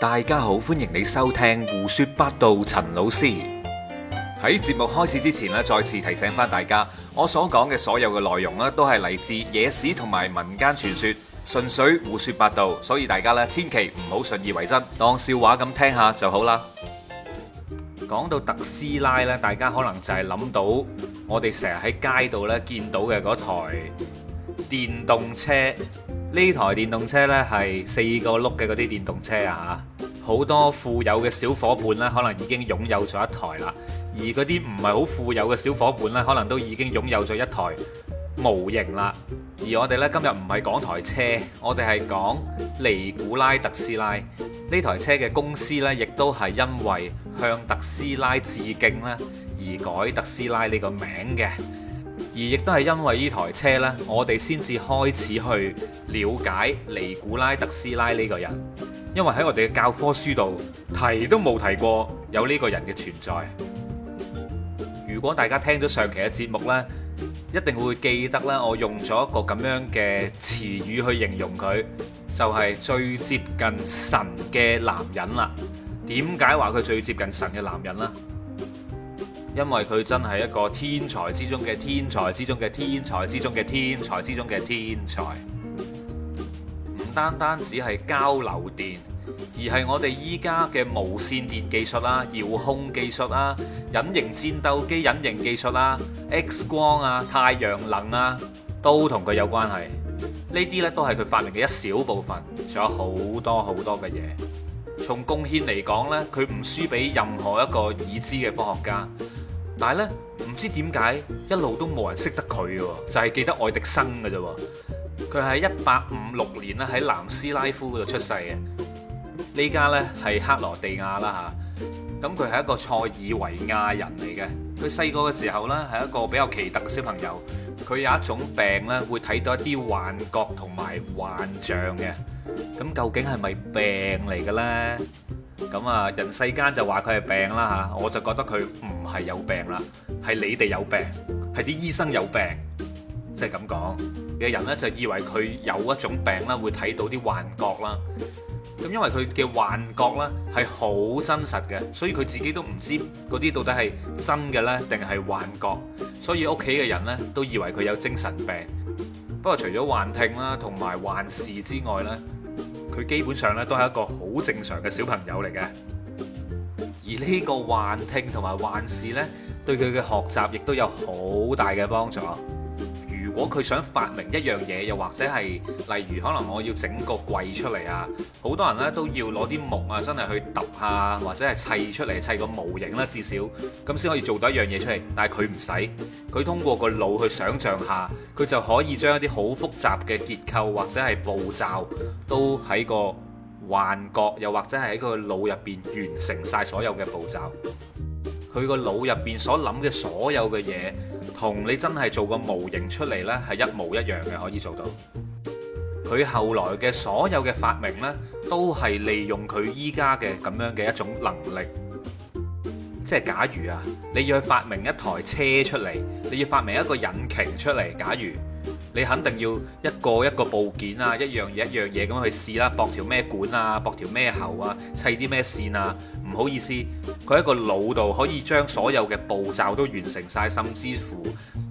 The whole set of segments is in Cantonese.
大家好，歡迎你收聽胡說八道。陳老師喺節目開始之前咧，再次提醒翻大家，我所講嘅所有嘅內容咧，都係嚟自野史同埋民間傳說，純粹胡說八道，所以大家咧千祈唔好信以為真，當笑話咁聽下就好啦。講到特斯拉咧，大家可能就係諗到我哋成日喺街度咧見到嘅嗰台電動車，呢台電動車咧係四個轆嘅嗰啲電動車啊吓。好多富有嘅小伙伴咧，可能已經擁有咗一台啦；而嗰啲唔係好富有嘅小伙伴咧，可能都已經擁有咗一台模型啦。而我哋咧今日唔係講台車，我哋係講尼古拉特斯拉。呢台車嘅公司咧，亦都係因為向特斯拉致敬咧而改特斯拉呢個名嘅。而亦都係因為呢台車咧，我哋先至開始去了解尼古拉特斯拉呢個人。因為喺我哋嘅教科書度提都冇提過有呢個人嘅存在。如果大家聽咗上期嘅節目呢，一定會記得呢，我用咗一個咁樣嘅詞語去形容佢，就係最接近神嘅男人啦。點解話佢最接近神嘅男人咧？因為佢真係一個天才之中嘅天才之中嘅天才之中嘅天才之中嘅天才。單單只係交流電，而係我哋依家嘅無線電技術啦、啊、遙控技術啦、啊、隱形戰鬥機隱形技術啦、啊、X 光啊、太陽能啊，都同佢有關係。呢啲咧都係佢發明嘅一小部分，仲有好多好多嘅嘢。從貢獻嚟講呢，佢唔輸俾任何一個已知嘅科學家。但係呢，唔知點解一路都冇人識得佢嘅，就係、是、記得愛迪生嘅啫。佢喺一八五六年咧喺南斯拉夫嗰度出世嘅，呢家呢，係克羅地亞啦吓，咁佢係一個塞爾維亞人嚟嘅。佢細個嘅時候呢，係一個比較奇特嘅小朋友，佢有一種病呢，會睇到一啲幻覺同埋幻象嘅，咁究竟係咪病嚟嘅呢？咁啊，人世間就話佢係病啦吓，我就覺得佢唔係有病啦，係你哋有病，係啲醫生有病。即係咁講嘅人呢就以為佢有一種病啦，會睇到啲幻覺啦。咁因為佢嘅幻覺呢係好真實嘅，所以佢自己都唔知嗰啲到底係真嘅呢定係幻覺。所以屋企嘅人呢都以為佢有精神病。不過除咗幻聽啦同埋幻視之外呢，佢基本上呢都係一個好正常嘅小朋友嚟嘅。而呢個幻聽同埋幻視呢，對佢嘅學習亦都有好大嘅幫助。如果佢想發明一樣嘢，又或者係例如可能我要整個櫃出嚟啊，好多人呢都要攞啲木啊，真係去揼下或者係砌出嚟砌個模型啦，至少咁先可以做到一樣嘢出嚟。但係佢唔使，佢通過個腦去想像下，佢就可以將一啲好複雜嘅結構或者係步驟都喺個幻覺，又或者係喺個腦入邊完成晒所有嘅步驟。佢個腦入邊所諗嘅所有嘅嘢，同你真係做個模型出嚟呢係一模一樣嘅，可以做到。佢後來嘅所有嘅發明呢都係利用佢依家嘅咁樣嘅一種能力。即係假如啊，你要去發明一台車出嚟，你要發明一個引擎出嚟，假如。你肯定要一個一個部件啊，一樣嘢一樣嘢咁去試啦，駁條咩管啊，駁條咩喉啊，砌啲咩線啊。唔好意思，佢喺個腦度可以將所有嘅步驟都完成晒，甚至乎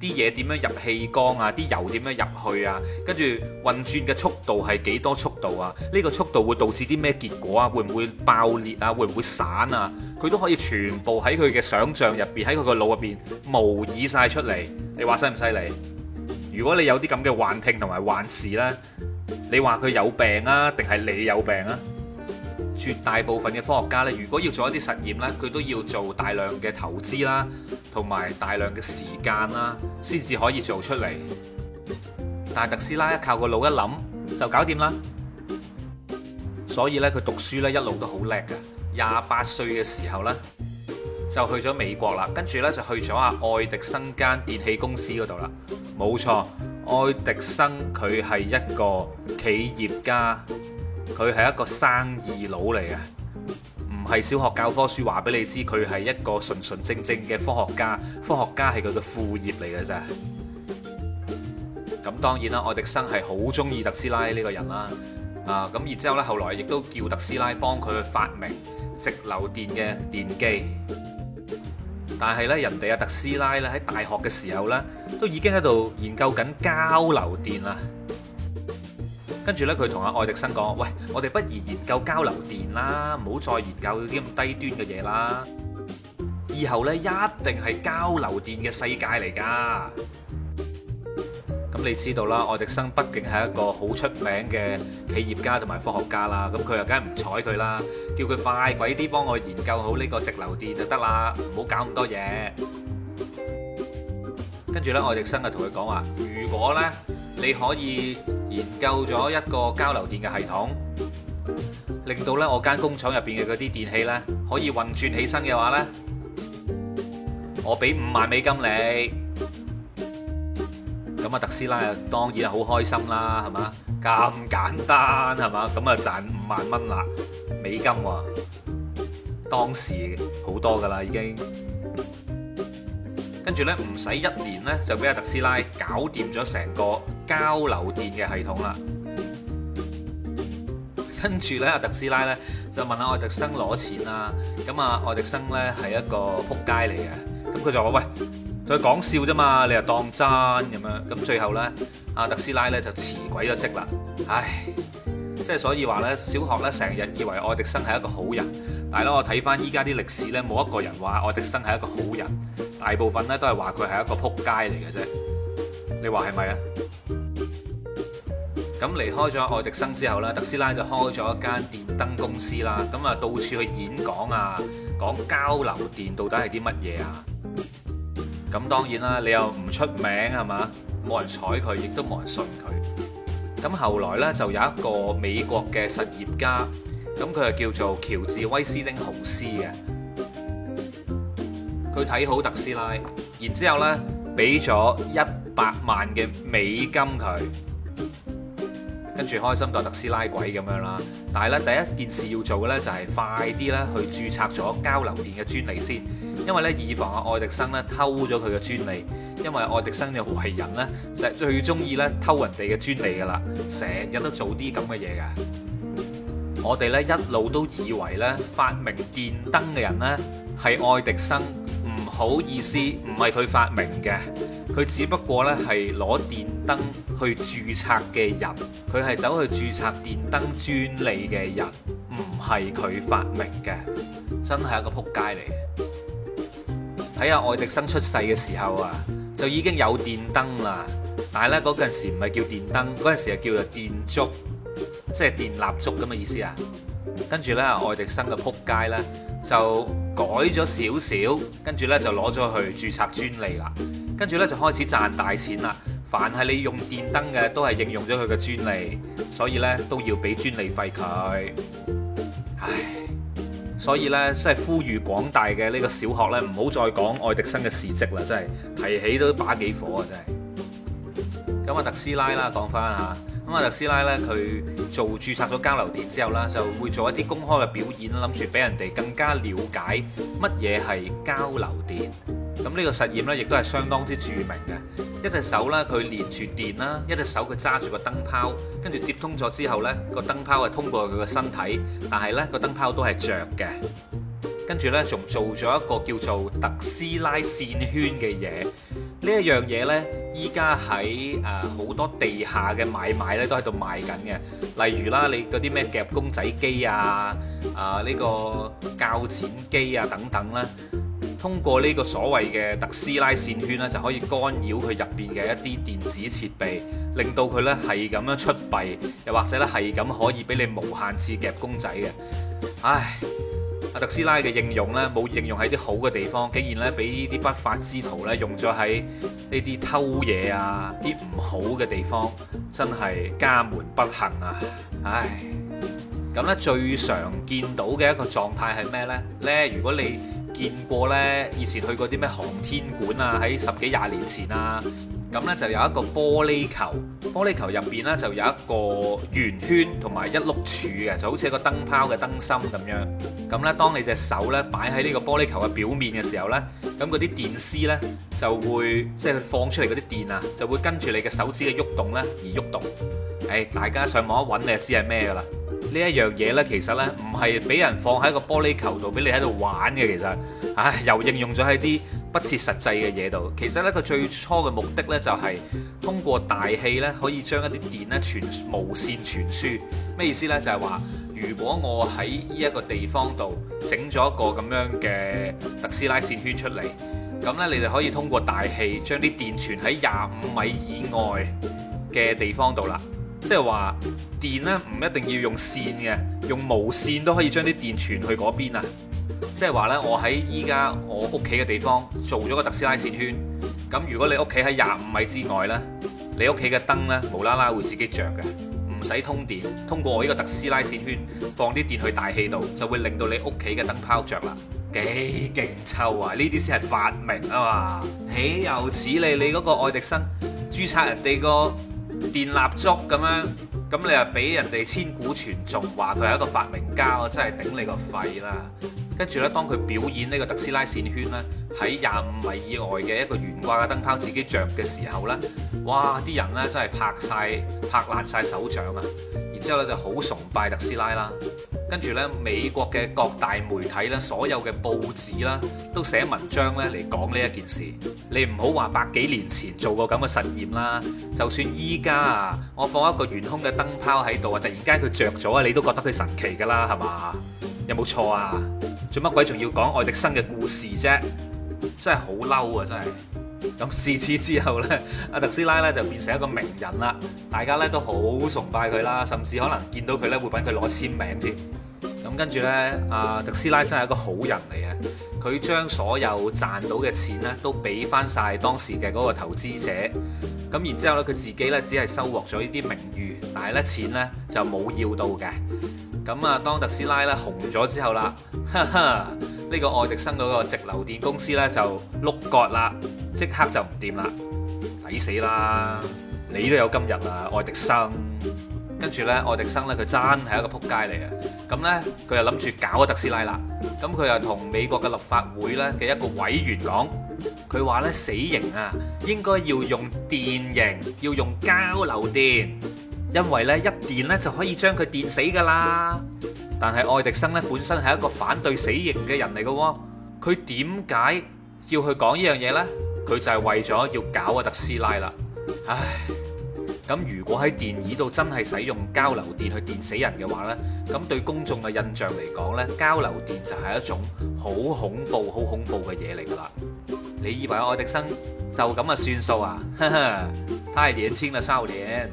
啲嘢點樣入氣缸啊，啲油點樣入去啊，跟住運轉嘅速度係幾多速度啊？呢個速度會導致啲咩結果啊？會唔會爆裂啊？會唔會散啊？佢都可以全部喺佢嘅想像入邊，喺佢個腦入邊模擬晒出嚟。你話犀唔犀利？如果你有啲咁嘅幻聽同埋幻視呢，你話佢有病啊，定係你有病啊？絕大部分嘅科學家呢，如果要做一啲實驗呢，佢都要做大量嘅投資啦，同埋大量嘅時間啦，先至可以做出嚟。但係特斯拉一靠個腦一諗就搞掂啦，所以呢，佢讀書呢一路都好叻㗎。廿八歲嘅時候呢，就去咗美國啦，跟住呢就去咗阿愛迪生間電器公司嗰度啦。冇錯，愛迪生佢係一個企業家，佢係一個生意佬嚟嘅，唔係小學教科書話俾你知佢係一個純純正正嘅科學家。科學家係佢嘅副業嚟嘅咋。咁當然啦，愛迪生係好中意特斯拉呢個人啦。啊，咁然之後呢，後來亦都叫特斯拉幫佢去發明直流電嘅電機。但係咧，人哋阿特斯拉咧，喺大學嘅時候咧，都已經喺度研究緊交流電啦。跟住咧，佢同阿愛迪生講：喂，我哋不如研究交流電啦，唔好再研究啲咁低端嘅嘢啦。以後咧，一定係交流電嘅世界嚟㗎。咁你知道啦，愛迪生畢竟係一個好出名嘅企業家同埋科學家啦。咁佢又梗係唔睬佢啦，叫佢快鬼啲幫我研究好呢個直流電就得啦，唔好搞咁多嘢。跟住咧，愛迪生就同佢講話：如果咧你可以研究咗一個交流電嘅系統，令到咧我間工廠入邊嘅嗰啲電器咧可以運轉起身嘅話咧，我俾五萬美金你。咁啊，特斯拉啊，當然好開心啦，係嘛？咁簡單係嘛？咁啊，賺五萬蚊啦，美金喎。當時好多㗎啦，已經。跟住咧，唔使一年咧，就俾阿特斯拉搞掂咗成個交流電嘅系統啦。跟住咧，阿特斯拉咧就問阿愛迪生攞錢啦。咁啊，愛迪生咧係一個仆街嚟嘅。咁佢就話：喂！佢講笑啫嘛，你又當真咁樣？咁最後呢，阿特斯拉呢就辭鬼咗職啦。唉，即係所以話呢，小學呢成日以為愛迪生係一個好人，但係咧我睇翻依家啲歷史呢，冇一個人話愛迪生係一個好人，大部分呢都係話佢係一個撲街嚟嘅啫。你話係咪啊？咁、嗯、離開咗愛迪生之後呢，特斯拉就開咗一間電燈公司啦。咁啊，到處去演講啊，講交流電到底係啲乜嘢啊？咁當然啦，你又唔出名係嘛？冇人睬佢，亦都冇人信佢。咁後來呢就有一個美國嘅實業家，咁佢係叫做喬治威斯丁豪斯嘅，佢睇好特斯拉，然之後呢俾咗一百萬嘅美金佢。跟住開心到特斯拉鬼咁樣啦，但係咧第一件事要做嘅呢，就係快啲咧去註冊咗交流電嘅專利先，因為呢，以防阿愛迪生呢偷咗佢嘅專利，因為愛迪生嘅為人呢，就係最中意咧偷人哋嘅專利噶啦，成日都做啲咁嘅嘢噶。我哋呢一路都以為呢，發明電燈嘅人呢，係愛迪生。好意思，唔係佢發明嘅，佢只不過呢係攞電燈去註冊嘅人，佢係走去註冊電燈專利嘅人，唔係佢發明嘅，真係一個仆街嚟嘅。睇下愛迪生出世嘅時候啊，就已經有電燈啦，但係呢嗰陣時唔係叫電燈，嗰陣時係叫做電燭，即係電蠟燭咁嘅意思啊。跟住呢，愛迪生嘅仆街呢，就。改咗少少，跟住呢就攞咗去註冊專利啦。跟住呢就開始賺大錢啦。凡係你用電燈嘅，都係應用咗佢嘅專利，所以呢都要俾專利費佢。唉，所以呢，真係呼籲廣大嘅呢個小學呢，唔好再講愛迪生嘅事蹟啦。真係提起都把幾火啊！真係咁啊，特斯拉啦，講返吓。嗱，特斯拉咧，佢做註冊咗交流電之後啦，就會做一啲公開嘅表演，諗住俾人哋更加了解乜嘢係交流電。咁呢個實驗咧，亦都係相當之著名嘅。一隻手咧，佢連住電啦；一隻手佢揸住個燈泡，跟住接通咗之後咧，個燈泡係通過佢個身體，但係咧個燈泡都係著嘅。跟住咧，仲做咗一個叫做特斯拉線圈嘅嘢。呢一樣嘢呢，依家喺誒好多地下嘅買賣咧，都喺度賣緊嘅。例如啦，你嗰啲咩夾公仔機啊、呃這個、剪機啊呢個教錢機啊等等啦，通過呢個所謂嘅特斯拉線圈咧，就可以干擾佢入邊嘅一啲電子設備，令到佢呢係咁樣出幣，又或者呢係咁可以俾你無限次夾公仔嘅。唉。阿特斯拉嘅應用呢，冇應用喺啲好嘅地方，竟然呢俾呢啲不法之徒呢，用咗喺呢啲偷嘢啊，啲唔好嘅地方，真係家門不幸啊！唉，咁呢，最常見到嘅一個狀態係咩呢？呢，如果你見過呢，以前去過啲咩航天館啊，喺十幾廿年前啊。咁呢，就有一個玻璃球，玻璃球入邊呢，就有一個圓圈同埋一碌柱嘅，就好似一個燈泡嘅燈芯咁樣。咁呢，當你隻手呢擺喺呢個玻璃球嘅表面嘅時候呢，咁嗰啲電絲呢，就會即係佢放出嚟嗰啲電啊，就會跟住你嘅手指嘅喐動呢，而喐動。誒、哎，大家上網一揾你就知係咩噶啦。呢一樣嘢呢，其實呢，唔係俾人放喺個玻璃球度俾你喺度玩嘅，其實，唉、哎，又應用咗喺啲不切實際嘅嘢度，其實呢，佢最初嘅目的呢、就係，就係通過大氣呢，可以將一啲電呢，傳無線傳輸。咩意思呢？就係、係、話，如果我喺呢一個地方度整咗一個咁樣嘅特斯拉線圈出嚟，咁呢你就可以通過大氣將啲電傳喺廿五米以外嘅地方度啦。即係話電呢唔一定要用線嘅，用無線都可以將啲電傳去嗰邊啊！即係話呢，我喺依家我屋企嘅地方做咗個特斯拉線圈。咁如果你屋企喺廿五米之外呢，你屋企嘅燈呢無啦啦會自己着嘅，唔使通電。通過我呢個特斯拉線圈放啲電去大氣度，就會令到你屋企嘅燈泡着啦。幾勁臭啊！呢啲先係發明啊嘛。豈有此理！你嗰個愛迪生註冊人哋個電蠟燭咁樣，咁你又俾人哋千古傳頌，話佢係一個發明家，我真係頂你個肺啦！跟住咧，當佢表演呢個特斯拉線圈咧，喺廿五米以外嘅一個懸掛嘅燈泡自己着嘅時候呢，哇！啲人呢真係拍晒、拍爛晒手掌啊！然之後咧就好崇拜特斯拉啦。跟住呢，美國嘅各大媒體呢，所有嘅報紙啦都寫文章呢嚟講呢一件事。你唔好話百幾年前做過咁嘅實驗啦，就算依家啊，我放一個懸空嘅燈泡喺度啊，突然間佢着咗啊，你都覺得佢神奇噶啦，係嘛？有冇錯啊？做乜鬼仲要講愛迪生嘅故事啫？真係好嬲啊！真係咁自此之後呢，阿特斯拉咧就變成一個名人啦，大家咧都好崇拜佢啦，甚至可能見到佢咧會揾佢攞簽名添。咁跟住呢，阿特斯拉真係一個好人嚟嘅，佢將所有賺到嘅錢呢都俾翻晒當時嘅嗰個投資者。咁然之後呢，佢自己呢只係收穫咗呢啲名譽，但係呢錢呢就冇要到嘅。咁啊，當特斯拉咧紅咗之後啦～哈哈，呢個愛迪生嗰個直流電公司咧就碌角啦，即刻就唔掂啦，抵死啦！你都有今日啊，愛迪生。跟住咧，愛迪生咧佢真係一個撲街嚟嘅，咁咧佢又諗住搞個特斯拉啦。咁佢又同美國嘅立法會咧嘅一個委員講，佢話咧死刑啊，應該要用電刑，要用交流電，因為咧一電咧就可以將佢電死噶啦。但係愛迪生咧本身係一個反對死刑嘅人嚟噶喎，佢點解要去講呢樣嘢咧？佢就係為咗要搞阿特斯拉啦。唉，咁如果喺電椅度真係使用交流電去電死人嘅話咧，咁對公眾嘅印象嚟講咧，交流電就係一種好恐怖、好恐怖嘅嘢嚟噶啦。你以為愛迪生就咁啊算數啊？哈哈，太年輕啦，少年！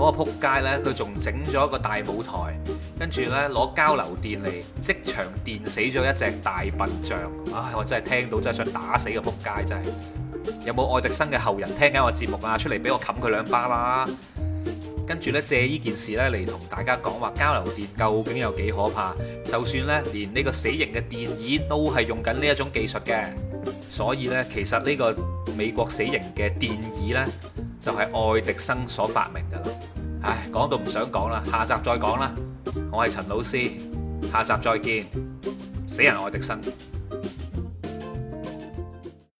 嗰個撲街呢，佢仲整咗個大舞台，跟住呢，攞交流電嚟即場電死咗一隻大笨象。唉，我真係聽到真係想打死個撲街，真係！有冇愛迪生嘅後人聽緊我節目啊？出嚟俾我冚佢兩巴啦！跟住呢，借呢件事呢嚟同大家講話交流電究竟有幾可怕。就算呢，連呢個死刑嘅電椅都係用緊呢一種技術嘅，所以呢，其實呢個美國死刑嘅電椅呢，就係愛迪生所發明㗎啦。唉，講到唔想講啦，下集再講啦。我係陳老師，下集再見。死人愛迪生。